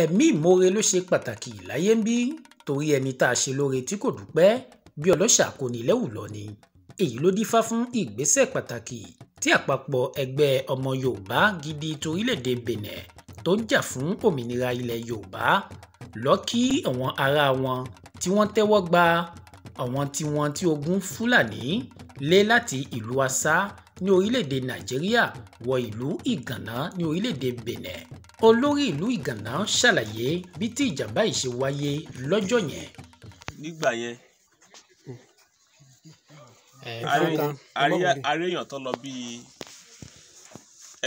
ẹ̀mí ìmoore ló ṣe pàtàkì láyé ń bí torí ẹni tá a ṣe lóore tí kò dúpẹ́ bí ọlọ́ṣà kò ní lẹ́wù lọ ni èyí ló dífá fún ìgbésẹ̀ pàtàkì tí àpapọ̀ ẹgbẹ́ ọmọ Yorùbá gidi torílẹ̀-èdè Benin tó ń jà fún òmìnira ilẹ̀ Yorùbá lọ kí àwọn ará wọn tí wọ́n tẹ́wọ́ gba àwọn tí wọ́n tí ogun Fúlàní lé láti ìlú Asa ní orílẹ̀-èdè Nàìjíríà wọ ìlú Ìgànná ní orílẹ̀-èdè Benin olórí ìlú ìgànná ṣàlàyé bí tí ìjàmbá yìí ṣe wáyé lọ́jọ́ yẹn. nígbà yẹn àríyàn tó lọ bíi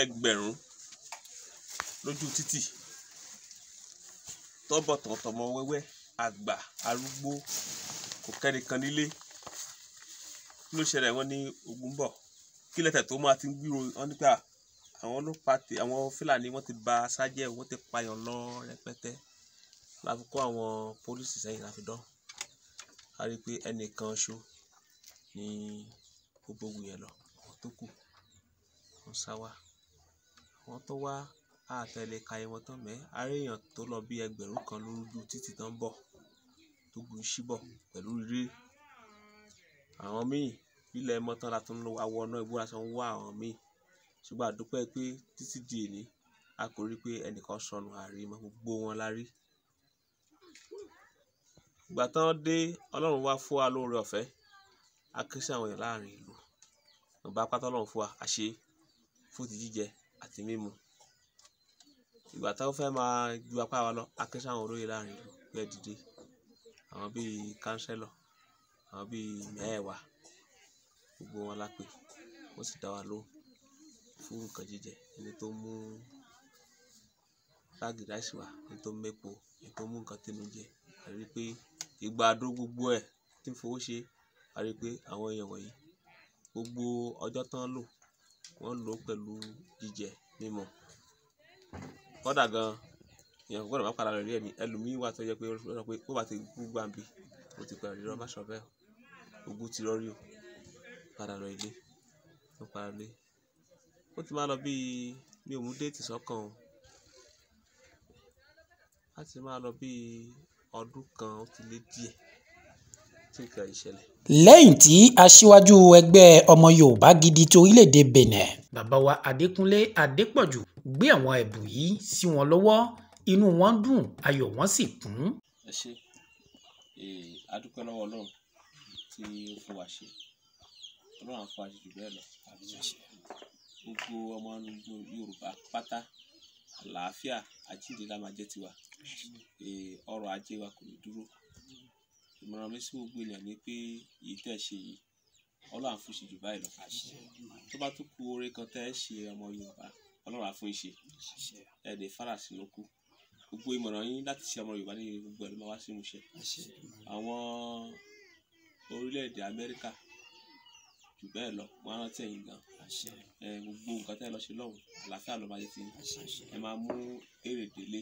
ẹgbẹ̀rún lójú títì tọ́bọ̀tàn tọmọ wẹ́wẹ́ àgbà arúgbó kò kẹ́nìkan nílé ló ṣẹlẹ̀ wọ́n ní ogun bọ̀ kílẹ̀ tó máa ti ń gbúròó wọn nípa àwọn ọlọ́pàá ti àwọn fúlàní wọ́n ti ba sájẹ́ wọ́n ti payàn lọ rẹpẹtẹ la fi kó àwọn pólísì sẹ́yìn la fi dán a rí i pé ẹnìkan ṣo ni ó gbógun yẹn lọ àwọn tó kù wọ́n sá wá àwọn tó wá àtẹ̀lé kàyé wọn tán mẹ́ aréèyàn tó lọ bí ẹgbẹ̀rún kan lójú títì tán bọ̀ tó gun síbọ̀ pẹ̀lú rírí àwọn míì ilẹ̀ mọ́tàn la tún wá wọnà ìbúra sọ ń wá àwọn míì ṣùgbọ́n a dúpẹ́ pé títí di èní a kò rí pé ẹnìkan sọnù àárí mọ́ gbogbo wọn la rí ìgbà tán dé ọlọ́run wá fún wa lóore ọ̀fẹ́ a ké sí àwọn èèyàn láàrin ìlú ìgbà pátá ọlọ́run fún wa a ṣe fún ti jíjẹ àti mímu ìgbà táwọn fẹ́ máa ju apá wa lọ a ké sí àwọn olóyè láàrin ìlú pé ẹ dìde àwọn bíi kánsẹ́lọ̀ àwọn bíi mẹ́ẹ̀wá gbogbo wọn la pè wọ́n sì dá wa lóhùn fún nǹkan jíjẹ ẹni tó mú báàgì ráìsì wá ẹni tó mẹ́po ẹni tó mú nǹkan tẹnu jẹ a rí i pé ìgbà àdó gbogbo ẹ̀ tí ń fowó ṣe a rí i pé àwọn èèyàn wọ̀nyí gbogbo ọjọ́ tán lò wọ́n lò ó pẹ̀lú jíjẹ mímu kódà gan èèyàn gbọ́dọ̀ má padà lọ rí ẹ̀mí ẹlòmíín wà tó yẹ pé ó sọ pé ó bá ti kú gbàǹbì ó ti pẹ̀lú rírọ́ má sọ bẹ́ẹ̀ ogún ti rọ́rí o padà lọ ilé ó padà lọ ilé ó ti máa lọ bí mi ò mú déètì sọ́kàn o á ti máa lọ bí ọdún kan ó ti lé díẹ̀ tí nǹkan ìṣẹ̀lẹ̀. lẹ́yìn tí aṣíwájú ẹgbẹ́ ọmọ yorùbá gidi ti orílẹ̀-èdè benin. bàbá wa adékúnlé adépọ̀jù gbé àwọn ẹ̀bùn yìí sí wọn lọ́wọ́ inú wọn dùn ayọ̀ wọn sì kún. ẹ ṣe adúpẹ́ lọ́wọ́ ọlọ́run tí ó fún wa ṣe ọlọ́run á fún wa ṣe jù bẹ́ẹ̀ lọ àbí ṣe gbogbo ọmọ Yorùbá pátá àlàáfíà àjíǹde la máa jẹ́ tiwa e, ọrọ̀ ajé wa kò ní dúró ìmọ̀ràn mi sí gbogbo ènìyàn ni pé èyí tẹ́ ẹ ṣe yìí ọlọ́run á fún ṣe jù báyìí lọ tó bá tún kù oore kan tẹ́ ẹ ṣe ọmọ Yorùbá ọlọ́run á fún ẹ lè fara sínú kú gbogbo ìmọ̀ràn yín láti ṣe ọmọ Yorùbá ní gbogbo ẹ̀ ló máa wá sí ìmúṣẹ àwọn orílẹ̀-èdè Amẹ́ríkà jù bẹ́ẹ̀ lọ wọn á rántí ẹ̀yin gan ẹ gbogbo nǹkan tẹ́ ẹ lọ ṣe lọ́hùn àlàáfíà ló máa jẹ́ ti yín ẹ máa mú èrè délé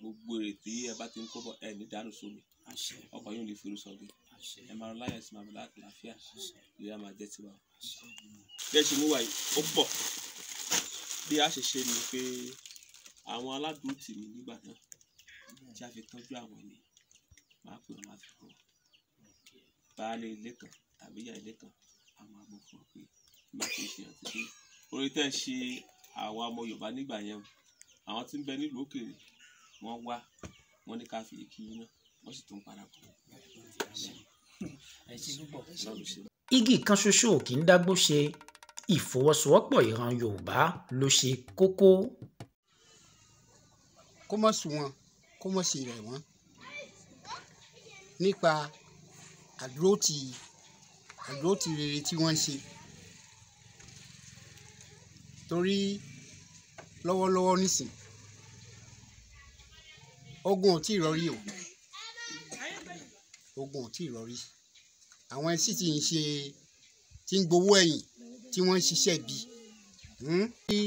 gbogbo èrè tí ẹ bá ti ń kó bọ̀ ẹ ní dànù sómi ọkọ̀ yóò ní fìrú sọ̀gbìn ẹ máa láyọ̀ sí màmí láti àlàáfíà ìlera máa jẹ́ tiwa. bí ẹ ṣe mú wa ó pọ̀ bí a ṣe ṣe ni pé àwọn aládùn tì mí nígbà náà tí a fi tọ́jú àwọn ẹni máa pè wọn máa fi kọ́ baálé ilé kan tàbí ìyá ilé kan a máa bọ̀ fún pé ló ṣe ṣe àti pé orin tẹ́ ṣe àwọn ọmọ Yorùbá nígbà yẹn o àwọn tí ń bẹ nílùú òkèèrè wọ́n wá wọ́n ní ká fi èkì yín náà sì tún padà bọ̀. igi kan ṣoṣo kì í dágbó ṣe ìfọwọ́sowọ́pọ̀ ìran Yorùbá ló ṣe kókó. kó mọ̀ sùn wọn kó mọ̀ sí rẹ̀ wọ́n nípa àdúrótì àdóòtì rere tí wọ́n ń ṣe torí lọ́wọ́lọ́wọ́ nísìn ogun ò tí ì rọrí o ogun ò tí ì rọrí àwọn ẹsì tí ń ṣe tí ń gbowó ẹ̀yìn tí wọ́n ń ṣiṣẹ́ bí hmm, kí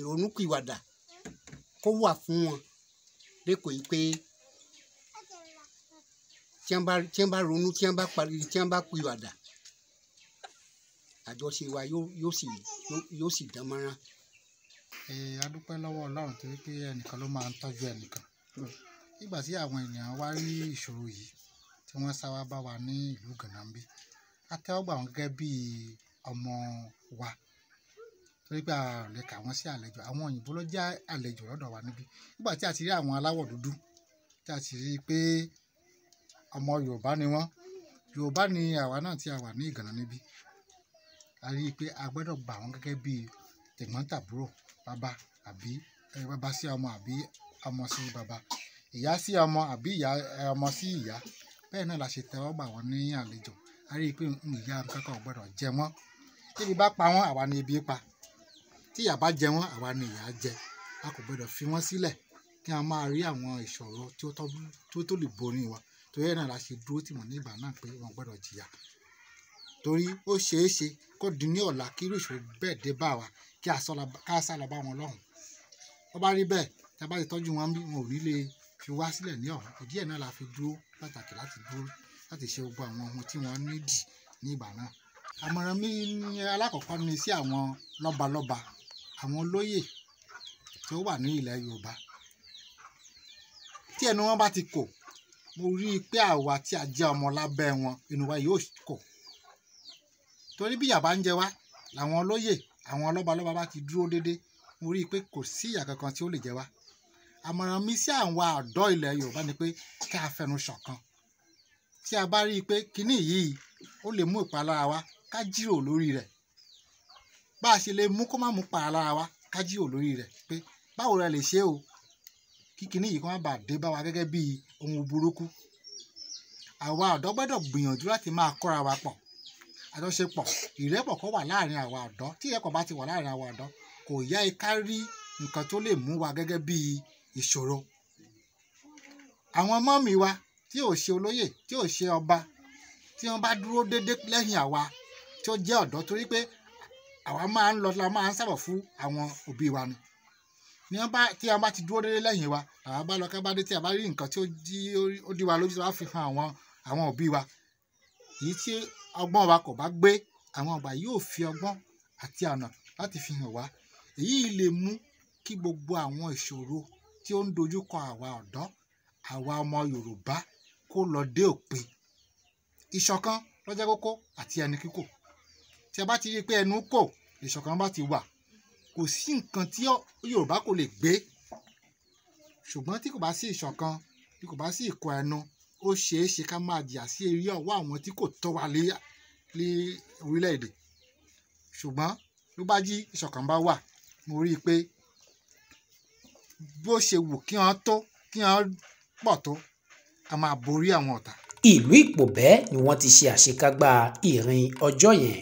ìrònúpìwàdà kó wà fún wọn lẹ́kọ̀ọ́ yìí pé tí wọ́n bá tí wọ́n bá ronú tí wọ́n bá parí tí wọ́n bá pìwàdà àjọṣe wa yóò sì yóò dán mọ́rán. a dúpẹ́ lọ́wọ́ ọlọ́run torí pé ẹnìkan ló máa ń tọ́jú ẹnìkan nígbà tí àwọn ènìyàn wá rí ìṣòro yìí tí wọ́n sá wá bá wa ní ìlú gànàmbí a tẹ́wọ́gbà wọn gẹ́gẹ́ bí ọmọ wa torí pé àlè kà wọ́n sí àlejò àwọn òyìnbó ló jẹ́ àlejò lọ́dọ̀ wa níbí nígbà tí a ti rí àwọn aláwọ̀ dúdú tí a ti rí pé ọmọ Yorùbá ni wọ́n Yorùbá ni àwa náà tí a wà ní Ìgànnà níbí a rí i pé a gbọ́dọ̀ gbà wọ́n gẹ́gẹ́ bí tẹ̀gbọ́n-tàbúrò bàbá àbí bàbá sí ọmọ àbí ọmọ sí bàbá ìyá sí ọmọ àbí ìyá ọmọ sí ìyá bẹ́ẹ̀ náà la ṣe tẹ́wọ́ gbà wọ́n ní àlejò a rí i pé ìyá nǹkan gbọ́dọ̀ jẹ wọ́n tíbi bá pa wọ́n àwa ni ebi pa tí ìyà bá jẹ wọ́n àwa ni ìyà jẹ a kò gbọ́dọ̀ fi wọ́n sílẹ̀ kí a máa rí àwọn ìṣòro tí tó lè borí wọn torí ẹ̀ náà la ṣe dúró tì wọ́n ní ìgbà náà pé wọ́n gbọ́dọ̀ jìyà torí ó ṣeé ṣe kó di ní ọ̀la kí irú ìṣòro bẹ́ẹ̀ dé bá wa kí a sá lọ bá wọn lọ́hùn tó bá rí bẹ́ẹ̀ tá a bá ti tọ́jú wọn bí wọn ò ní lè fi wá sílẹ̀ ní ọ̀hún ìdí ẹ̀ náà la fi dúró pàtàkì láti dúró láti ṣe gbogbo àwọn ohun tí wọ́n nídìí ní ìgbà náà àmọ̀ràn mi ní alákọ̀ọ́kọ́ ni sí àwọn lọ́balọ́ba àwọn olóyè tó wà ní ilẹ̀ Yorùbá tí ẹnu wọn bá ti kò mo rí i pé àwa tí a jẹ́ ọmọ lábẹ́ wọn inú wa yóò kọ̀ torí bí ìyà ń jẹ wá làwọn olóyè àwọn lọ́balọ́ba bá ti dúró déédéé mo rí i pé kò sí ìyà kankan tí ó lè jẹ wá àmọ̀ràn mi sí àwọn àdọ́ ilẹ̀ Yorùbá ni pé kí a fẹnu ṣọ̀kan tí a bá rí i pé kinní yìí ó lè mú ìpalára wa ká jírò lórí rẹ̀ bá a ṣe lè mú kó má mú ìpalára wa ká jírò lórí rẹ̀ pé báwo la lè ṣe o kí kinní yìí kó má bàa dé bá wa gẹ́gẹ́ bí ohun burúkú àwa ọ̀dọ́ gbọ́dọ̀ gbìyànjú láti máa kóra wa pọ̀ àjọṣepọ̀ ìrẹ́pọ̀ kó wà láàrin àwa ọ̀dọ́ tí ìrẹ́pọ̀ bá ti wà láàrin àwa ọ̀dọ́ kò yá ika rí nǹkan tó lè mú wa gẹ́gẹ́ bí ìṣòro àwọn mọ́mì wa tí ò ṣe olóyè tí ò ṣe ọba tí wọ́n bá dúró déédéé lẹ́yìn àwa tí ó jẹ́ ọ̀dọ́ torí pé àwa máa ń lọ la máa ń sábà fún àwọn òbí wa ni ní wọn bá tí a bá ti dúró déédéé lẹ́yìn wa àwọn bá lọ ká bá dé tí a bá rí nǹkan tí ó di ó di wa lójú tí wọn fi hàn àwọn àwọn òbí wa èyí tí ọgbọ́n wa kò bá gbé àwọn àgbà yóò fi ọgbọ́n àti ọ̀nà láti fi hàn wá èyí lè mú kí gbogbo àwọn ìṣòro tí ó ń dojúkọ àwa ọ̀dọ́ àwa ọmọ Yorùbá kó lọ dé òpin ìṣọ̀kan ló jẹ́ kókó àti ẹni kíkò tí a bá ti rí i pé ẹnu kò ìṣọ̀kan bá ti wà kò sí nǹkan tí Yorùbá kò lè gbé ṣùgbọ́n tí kò bá sí ìṣọ̀kan tí kò bá sí ìkọ̀ ẹnu ó ṣeé ṣe ká máa jìyà sí eré ọwọ́ àwọn tí kò tọ́ wa lé orílẹ̀-èdè ṣùgbọ́n ló bá jí ìṣọ̀kan bá wà mo rí i pé bó ṣe wù kí wọ́n tó kí wọ́n pọ̀ tó a máa borí àwọn ọ̀tá. ìlú ìpòbẹ́ ni wọ́n ti ṣe àṣekágbá ìrìn ọjọ́ yẹn